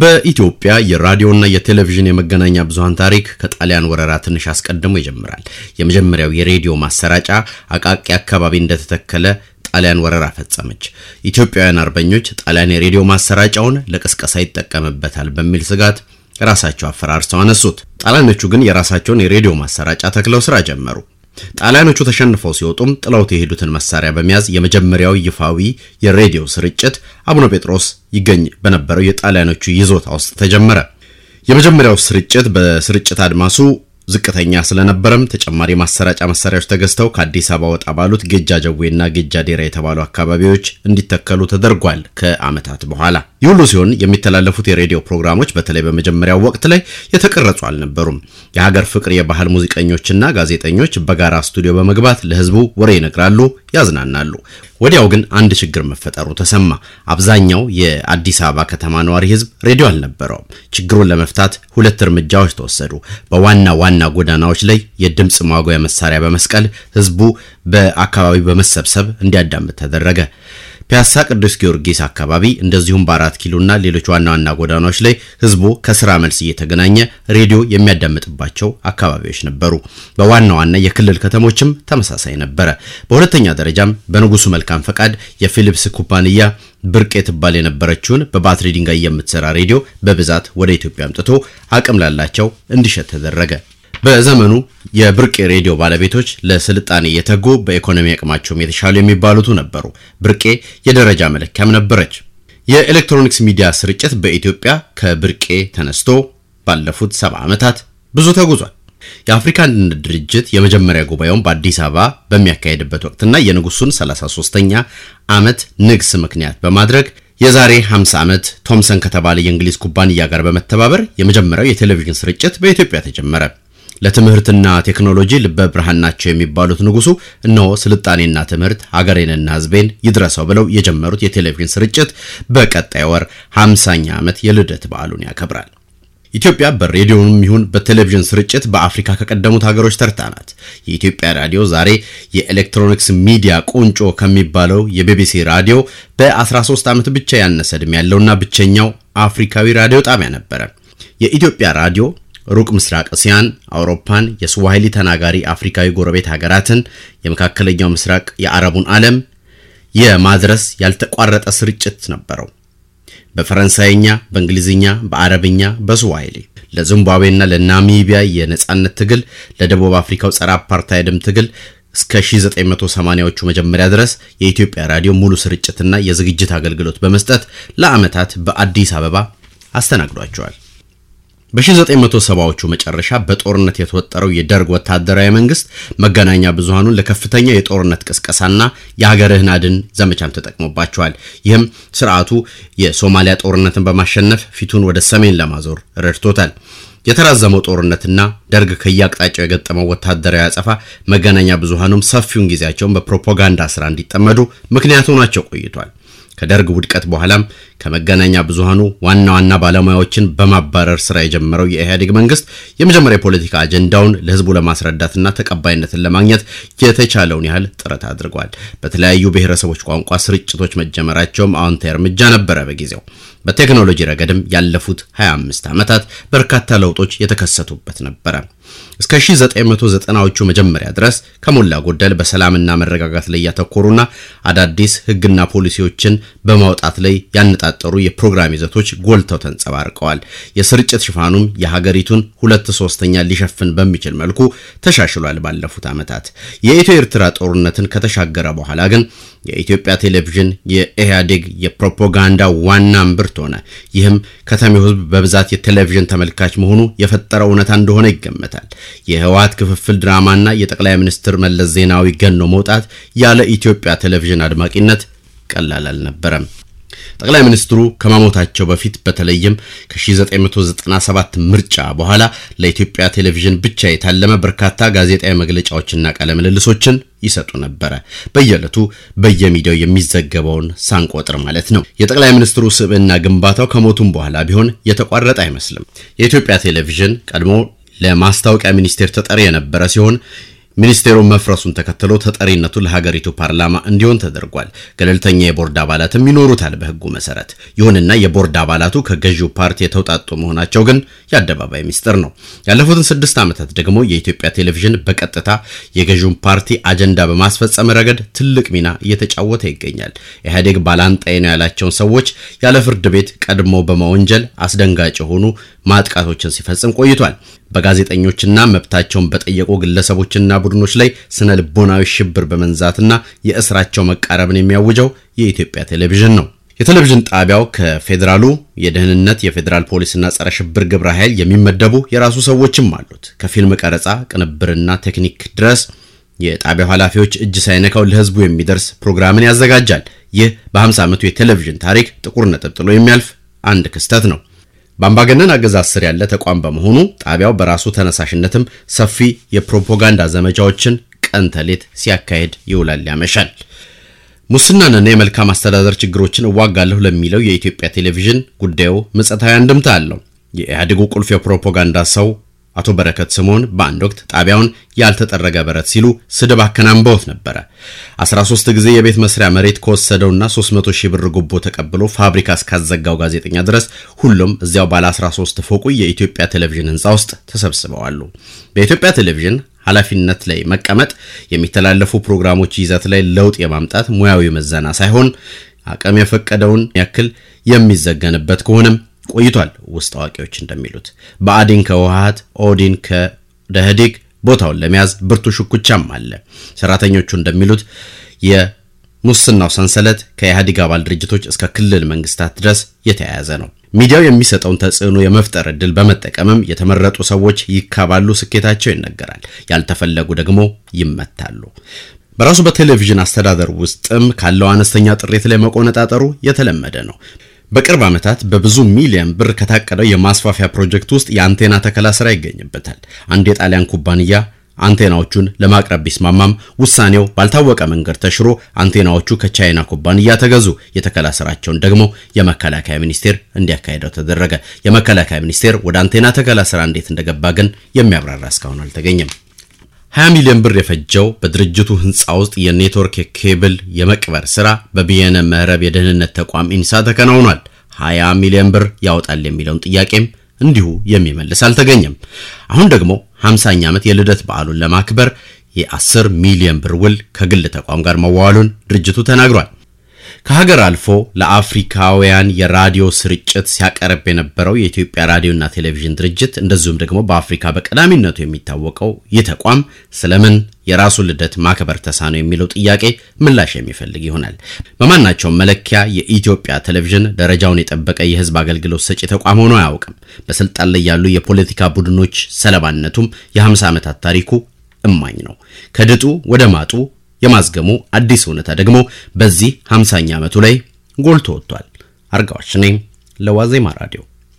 በኢትዮጵያ የራዲዮና የቴሌቪዥን የመገናኛ ብዙሃን ታሪክ ከጣሊያን ወረራ ትንሽ አስቀድሞ ይጀምራል። የመጀመሪያው የሬዲዮ ማሰራጫ አቃቂ አካባቢ እንደተተከለ ጣሊያን ወረራ ፈጸመች። ኢትዮጵያውያን አርበኞች ጣሊያን የሬዲዮ ማሰራጫውን ለቅስቀሳ ይጠቀምበታል በሚል ስጋት ራሳቸው አፈራርሰው አነሱት። ጣሊያኖቹ ግን የራሳቸውን የሬዲዮ ማሰራጫ ተክለው ስራ ጀመሩ። ጣሊያኖቹ ተሸንፈው ሲወጡም ጥለውት የሄዱትን መሳሪያ በመያዝ የመጀመሪያው ይፋዊ የሬዲዮ ስርጭት አቡነ ጴጥሮስ ይገኝ በነበረው የጣሊያኖቹ ይዞታ ውስጥ ተጀመረ። የመጀመሪያው ስርጭት በስርጭት አድማሱ ዝቅተኛ ስለነበረም ተጨማሪ ማሰራጫ መሳሪያዎች ተገዝተው ከአዲስ አበባ ወጣ ባሉት ጌጃ ጀዌና ጌጃ ዴራ የተባሉ አካባቢዎች እንዲተከሉ ተደርጓል። ከዓመታት በኋላ ይህ ሲሆን የሚተላለፉት የሬዲዮ ፕሮግራሞች በተለይ በመጀመሪያው ወቅት ላይ የተቀረጹ አልነበሩም። የሀገር ፍቅር የባህል ሙዚቀኞችና ጋዜጠኞች በጋራ ስቱዲዮ በመግባት ለህዝቡ ወሬ ይነግራሉ፣ ያዝናናሉ። ወዲያው ግን አንድ ችግር መፈጠሩ ተሰማ። አብዛኛው የአዲስ አበባ ከተማ ነዋሪ ህዝብ ሬዲዮ አልነበረውም። ችግሩን ለመፍታት ሁለት እርምጃዎች ተወሰዱ። በዋና ዋና ጎዳናዎች ላይ የድምፅ ማጉያ መሳሪያ በመስቀል ህዝቡ በአካባቢው በመሰብሰብ እንዲያዳምጥ ተደረገ። ፒያሳ ቅዱስ ጊዮርጊስ አካባቢ እንደዚሁም በአራት ኪሎና ሌሎች ዋና ዋና ጎዳናዎች ላይ ህዝቡ ከስራ መልስ እየተገናኘ ሬዲዮ የሚያዳምጥባቸው አካባቢዎች ነበሩ። በዋና ዋና የክልል ከተሞችም ተመሳሳይ ነበረ። በሁለተኛ ደረጃም በንጉሱ መልካም ፈቃድ የፊሊፕስ ኩባንያ ብርቄ ትባል የነበረችውን በባትሪ ድንጋይ የምትሰራ ሬዲዮ በብዛት ወደ ኢትዮጵያ አምጥቶ አቅም ላላቸው እንዲሸጥ ተደረገ። በዘመኑ የብርቅ ሬዲዮ ባለቤቶች ለስልጣኔ የተጉ በኢኮኖሚ አቅማቸውም የተሻሉ የሚባሉቱ ነበሩ። ብርቄ የደረጃ መለኪያም ነበረች። የኤሌክትሮኒክስ ሚዲያ ስርጭት በኢትዮጵያ ከብርቄ ተነስቶ ባለፉት ሰባ ዓመታት ብዙ ተጉዟል። የአፍሪካ አንድነት ድርጅት የመጀመሪያ ጉባኤውን በአዲስ አበባ በሚያካሄድበት ወቅትና የንጉሱን 33ኛ ዓመት ንግስ ምክንያት በማድረግ የዛሬ 50 ዓመት ቶምሰን ከተባለ የእንግሊዝ ኩባንያ ጋር በመተባበር የመጀመሪያው የቴሌቪዥን ስርጭት በኢትዮጵያ ተጀመረ። ለትምህርትና ቴክኖሎጂ ልበ ብርሃን ናቸው የሚባሉት ንጉሱ እነሆ ስልጣኔና ትምህርት ሀገሬንና ህዝቤን ይድረሰው ብለው የጀመሩት የቴሌቪዥን ስርጭት በቀጣይ ወር 50 ዓመት የልደት በዓሉን ያከብራል። ኢትዮጵያ በሬዲዮንም ይሁን በቴሌቪዥን ስርጭት በአፍሪካ ከቀደሙት ሀገሮች ተርታ ናት። የኢትዮጵያ ራዲዮ ዛሬ የኤሌክትሮኒክስ ሚዲያ ቁንጮ ከሚባለው የቢቢሲ ራዲዮ በ13 ዓመት ብቻ ያነሰ ዕድሜ ያለውና ብቸኛው አፍሪካዊ ራዲዮ ጣቢያ ነበረ። የኢትዮጵያ ራዲዮ ሩቅ ምስራቅ እስያን፣ አውሮፓን፣ የስዋሂሊ ተናጋሪ አፍሪካዊ ጎረቤት ሀገራትን፣ የመካከለኛው ምስራቅ፣ የአረቡን ዓለም የማድረስ ያልተቋረጠ ስርጭት ነበረው። በፈረንሳይኛ፣ በእንግሊዝኛ፣ በአረብኛ፣ በስዋሂሊ ለዚምባብዌና ለናሚቢያ የነጻነት ትግል፣ ለደቡብ አፍሪካው ጸረ አፓርታይድም ትግል እስከ 1980ዎቹ መጀመሪያ ድረስ የኢትዮጵያ ራዲዮ ሙሉ ስርጭትና የዝግጅት አገልግሎት በመስጠት ለዓመታት በአዲስ አበባ አስተናግዷቸዋል። በ1970ዎቹ መጨረሻ በጦርነት የተወጠረው የደርግ ወታደራዊ መንግስት መገናኛ ብዙሃኑን ለከፍተኛ የጦርነት ቅስቀሳና የሀገርህን አድን ዘመቻም ተጠቅሞባቸዋል። ይህም ስርዓቱ የሶማሊያ ጦርነትን በማሸነፍ ፊቱን ወደ ሰሜን ለማዞር ረድቶታል። የተራዘመው ጦርነትና ደርግ ከየአቅጣጫው የገጠመው ወታደራዊ አጸፋ መገናኛ ብዙሃኑም ሰፊውን ጊዜያቸውን በፕሮፓጋንዳ ስራ እንዲጠመዱ ምክንያቱ ናቸው ቆይቷል። ከደርግ ውድቀት በኋላም ከመገናኛ ብዙሃኑ ዋና ዋና ባለሙያዎችን በማባረር ስራ የጀመረው የኢህአዴግ መንግስት የመጀመሪያ የፖለቲካ አጀንዳውን ለህዝቡ ለማስረዳትና ተቀባይነትን ለማግኘት የተቻለውን ያህል ጥረት አድርጓል። በተለያዩ ብሔረሰቦች ቋንቋ ስርጭቶች መጀመራቸውም አዎንታዊ እርምጃ ነበረ። በጊዜው በቴክኖሎጂ ረገድም ያለፉት 25 ዓመታት በርካታ ለውጦች የተከሰቱበት ነበረ። እስከ 1990ዎቹ መጀመሪያ ድረስ ከሞላ ጎደል በሰላምና መረጋጋት ላይ ያተኮሩና አዳዲስ ህግና ፖሊሲዎችን በማውጣት ላይ ያነጣ ያነጣጠሩ የፕሮግራም ይዘቶች ጎልተው ተንጸባርቀዋል። የስርጭት ሽፋኑም የሀገሪቱን ሁለት ሶስተኛ ሊሸፍን በሚችል መልኩ ተሻሽሏል። ባለፉት ዓመታት የኢትዮ ኤርትራ ጦርነትን ከተሻገረ በኋላ ግን የኢትዮጵያ ቴሌቪዥን የኢህአዴግ የፕሮፓጋንዳ ዋና እምብርት ሆነ። ይህም ከተሜው ህዝብ በብዛት የቴሌቪዥን ተመልካች መሆኑ የፈጠረው እውነታ እንደሆነ ይገመታል። የህወሀት ክፍፍል ድራማና የጠቅላይ ሚኒስትር መለስ ዜናዊ ገኖ መውጣት ያለ ኢትዮጵያ ቴሌቪዥን አድማቂነት ቀላል አልነበረም። ጠቅላይ ሚኒስትሩ ከማሞታቸው በፊት በተለይም ከ1997 ምርጫ በኋላ ለኢትዮጵያ ቴሌቪዥን ብቻ የታለመ በርካታ ጋዜጣዊ መግለጫዎችና ቃለ ምልልሶችን ይሰጡ ነበረ። በየዕለቱ በየሚዲያው የሚዘገበውን ሳንቆጥር ማለት ነው። የጠቅላይ ሚኒስትሩ ስብዕና ግንባታው ከሞቱም በኋላ ቢሆን የተቋረጠ አይመስልም። የኢትዮጵያ ቴሌቪዥን ቀድሞ ለማስታወቂያ ሚኒስቴር ተጠሪ የነበረ ሲሆን ሚኒስቴሩ መፍረሱን ተከትሎ ተጠሪነቱ ለሀገሪቱ ፓርላማ እንዲሆን ተደርጓል። ገለልተኛ የቦርድ አባላትም ይኖሩታል በህጉ መሰረት። ይሁንና የቦርድ አባላቱ ከገዢው ፓርቲ የተውጣጡ መሆናቸው ግን የአደባባይ ሚስጥር ነው። ያለፉትን ስድስት ዓመታት ደግሞ የኢትዮጵያ ቴሌቪዥን በቀጥታ የገዢውን ፓርቲ አጀንዳ በማስፈጸም ረገድ ትልቅ ሚና እየተጫወተ ይገኛል። ኢህአዴግ ባላንጣዬ ነው ያላቸውን ሰዎች ያለ ፍርድ ቤት ቀድሞ በመወንጀል አስደንጋጭ የሆኑ ማጥቃቶችን ሲፈጽም ቆይቷል። በጋዜጠኞችና መብታቸውን በጠየቁ ግለሰቦችና ቡድኖች ላይ ስነ ልቦናዊ ሽብር በመንዛትና የእስራቸው መቃረብን የሚያውጀው የኢትዮጵያ ቴሌቪዥን ነው። የቴሌቪዥን ጣቢያው ከፌዴራሉ የደህንነት የፌዴራል ፖሊስና ጸረ ሽብር ግብረ ኃይል የሚመደቡ የራሱ ሰዎችም አሉት። ከፊልም ቀረጻ ቅንብርና ቴክኒክ ድረስ የጣቢያው ኃላፊዎች እጅ ሳይነካው ለህዝቡ የሚደርስ ፕሮግራምን ያዘጋጃል። ይህ በ50 ዓመቱ የቴሌቪዥን ታሪክ ጥቁር ነጥብ ጥሎ የሚያልፍ አንድ ክስተት ነው። በአምባገነን አገዛዝ ስር ያለ ተቋም በመሆኑ ጣቢያው በራሱ ተነሳሽነትም ሰፊ የፕሮፓጋንዳ ዘመቻዎችን ቀን ተሌት ሲያካሄድ ይውላል ያመሻል። ሙስናንና የመልካም አስተዳደር ችግሮችን እዋጋለሁ ለሚለው የኢትዮጵያ ቴሌቪዥን ጉዳዩ ምጸታዊ አንድምታ አለው። የኢህአዴጉ ቁልፍ የፕሮፓጋንዳ ሰው አቶ በረከት ስምዖን በአንድ ወቅት ጣቢያውን ያልተጠረገ በረት ሲሉ ስድብ አከናንበውት ነበረ። 13 ጊዜ የቤት መስሪያ መሬት ከወሰደውና 300 ሺህ ብር ጉቦ ተቀብሎ ፋብሪካ እስካዘጋው ጋዜጠኛ ድረስ ሁሉም እዚያው ባለ 13 ፎቁ የኢትዮጵያ ቴሌቪዥን ህንፃ ውስጥ ተሰብስበዋሉ። በኢትዮጵያ ቴሌቪዥን ኃላፊነት ላይ መቀመጥ የሚተላለፉ ፕሮግራሞች ይዘት ላይ ለውጥ የማምጣት ሙያዊ መዘና ሳይሆን አቅም የፈቀደውን ያክል የሚዘገንበት ከሆነም ቆይቷል። ውስጥ አዋቂዎች እንደሚሉት በአዲን ከውሃት ኦዲን ከደኢህዴን ቦታውን ለመያዝ ብርቱ ሽኩቻም አለ። ሰራተኞቹ እንደሚሉት የሙስናው ሰንሰለት ከኢህአዴግ አባል ድርጅቶች እስከ ክልል መንግስታት ድረስ የተያያዘ ነው። ሚዲያው የሚሰጠውን ተጽዕኖ የመፍጠር እድል በመጠቀምም የተመረጡ ሰዎች ይካባሉ፣ ስኬታቸው ይነገራል። ያልተፈለጉ ደግሞ ይመታሉ። በራሱ በቴሌቪዥን አስተዳደር ውስጥም ካለው አነስተኛ ጥሪት ላይ መቆነጣጠሩ የተለመደ ነው። በቅርብ ዓመታት በብዙ ሚሊዮን ብር ከታቀደው የማስፋፊያ ፕሮጀክት ውስጥ የአንቴና ተከላ ስራ ይገኝበታል። አንድ የጣሊያን ኩባንያ አንቴናዎቹን ለማቅረብ ቢስማማም ውሳኔው ባልታወቀ መንገድ ተሽሮ አንቴናዎቹ ከቻይና ኩባንያ ተገዙ። የተከላ ስራቸውን ደግሞ የመከላከያ ሚኒስቴር እንዲያካሄደው ተደረገ። የመከላከያ ሚኒስቴር ወደ አንቴና ተከላ ስራ እንዴት እንደገባ ግን የሚያብራራ እስካሁን አልተገኘም። 20 ሚሊዮን ብር የፈጀው በድርጅቱ ህንፃ ውስጥ የኔትወርክ የኬብል የመቅበር ስራ በቢየነ መረብ የደህንነት ተቋም ኢንሳ ተከናውኗል። 20 ሚሊዮን ብር ያወጣል የሚለውን ጥያቄም እንዲሁ የሚመልስ አልተገኘም። አሁን ደግሞ 50ኛ ዓመት የልደት በዓሉን ለማክበር የ10 ሚሊዮን ብር ውል ከግል ተቋም ጋር መዋዋሉን ድርጅቱ ተናግሯል። ከሀገር አልፎ ለአፍሪካውያን የራዲዮ ስርጭት ሲያቀርብ የነበረው የኢትዮጵያ ራዲዮና ቴሌቪዥን ድርጅት እንደዚሁም ደግሞ በአፍሪካ በቀዳሚነቱ የሚታወቀው ይህ ተቋም ስለምን የራሱን ልደት ማክበር ተሳነው የሚለው ጥያቄ ምላሽ የሚፈልግ ይሆናል። በማናቸውም መለኪያ የኢትዮጵያ ቴሌቪዥን ደረጃውን የጠበቀ የህዝብ አገልግሎት ሰጪ ተቋም ሆኖ አያውቅም። በስልጣን ላይ ያሉ የፖለቲካ ቡድኖች ሰለባነቱም የ50 ዓመታት ታሪኩ እማኝ ነው። ከድጡ ወደ ማጡ የማዝገሙ አዲስ እውነታ ደግሞ በዚህ 50ኛ ዓመቱ ላይ ጎልቶ ወጥቷል። አርጋዋሽ ነኝ ለዋዜማ ራዲዮ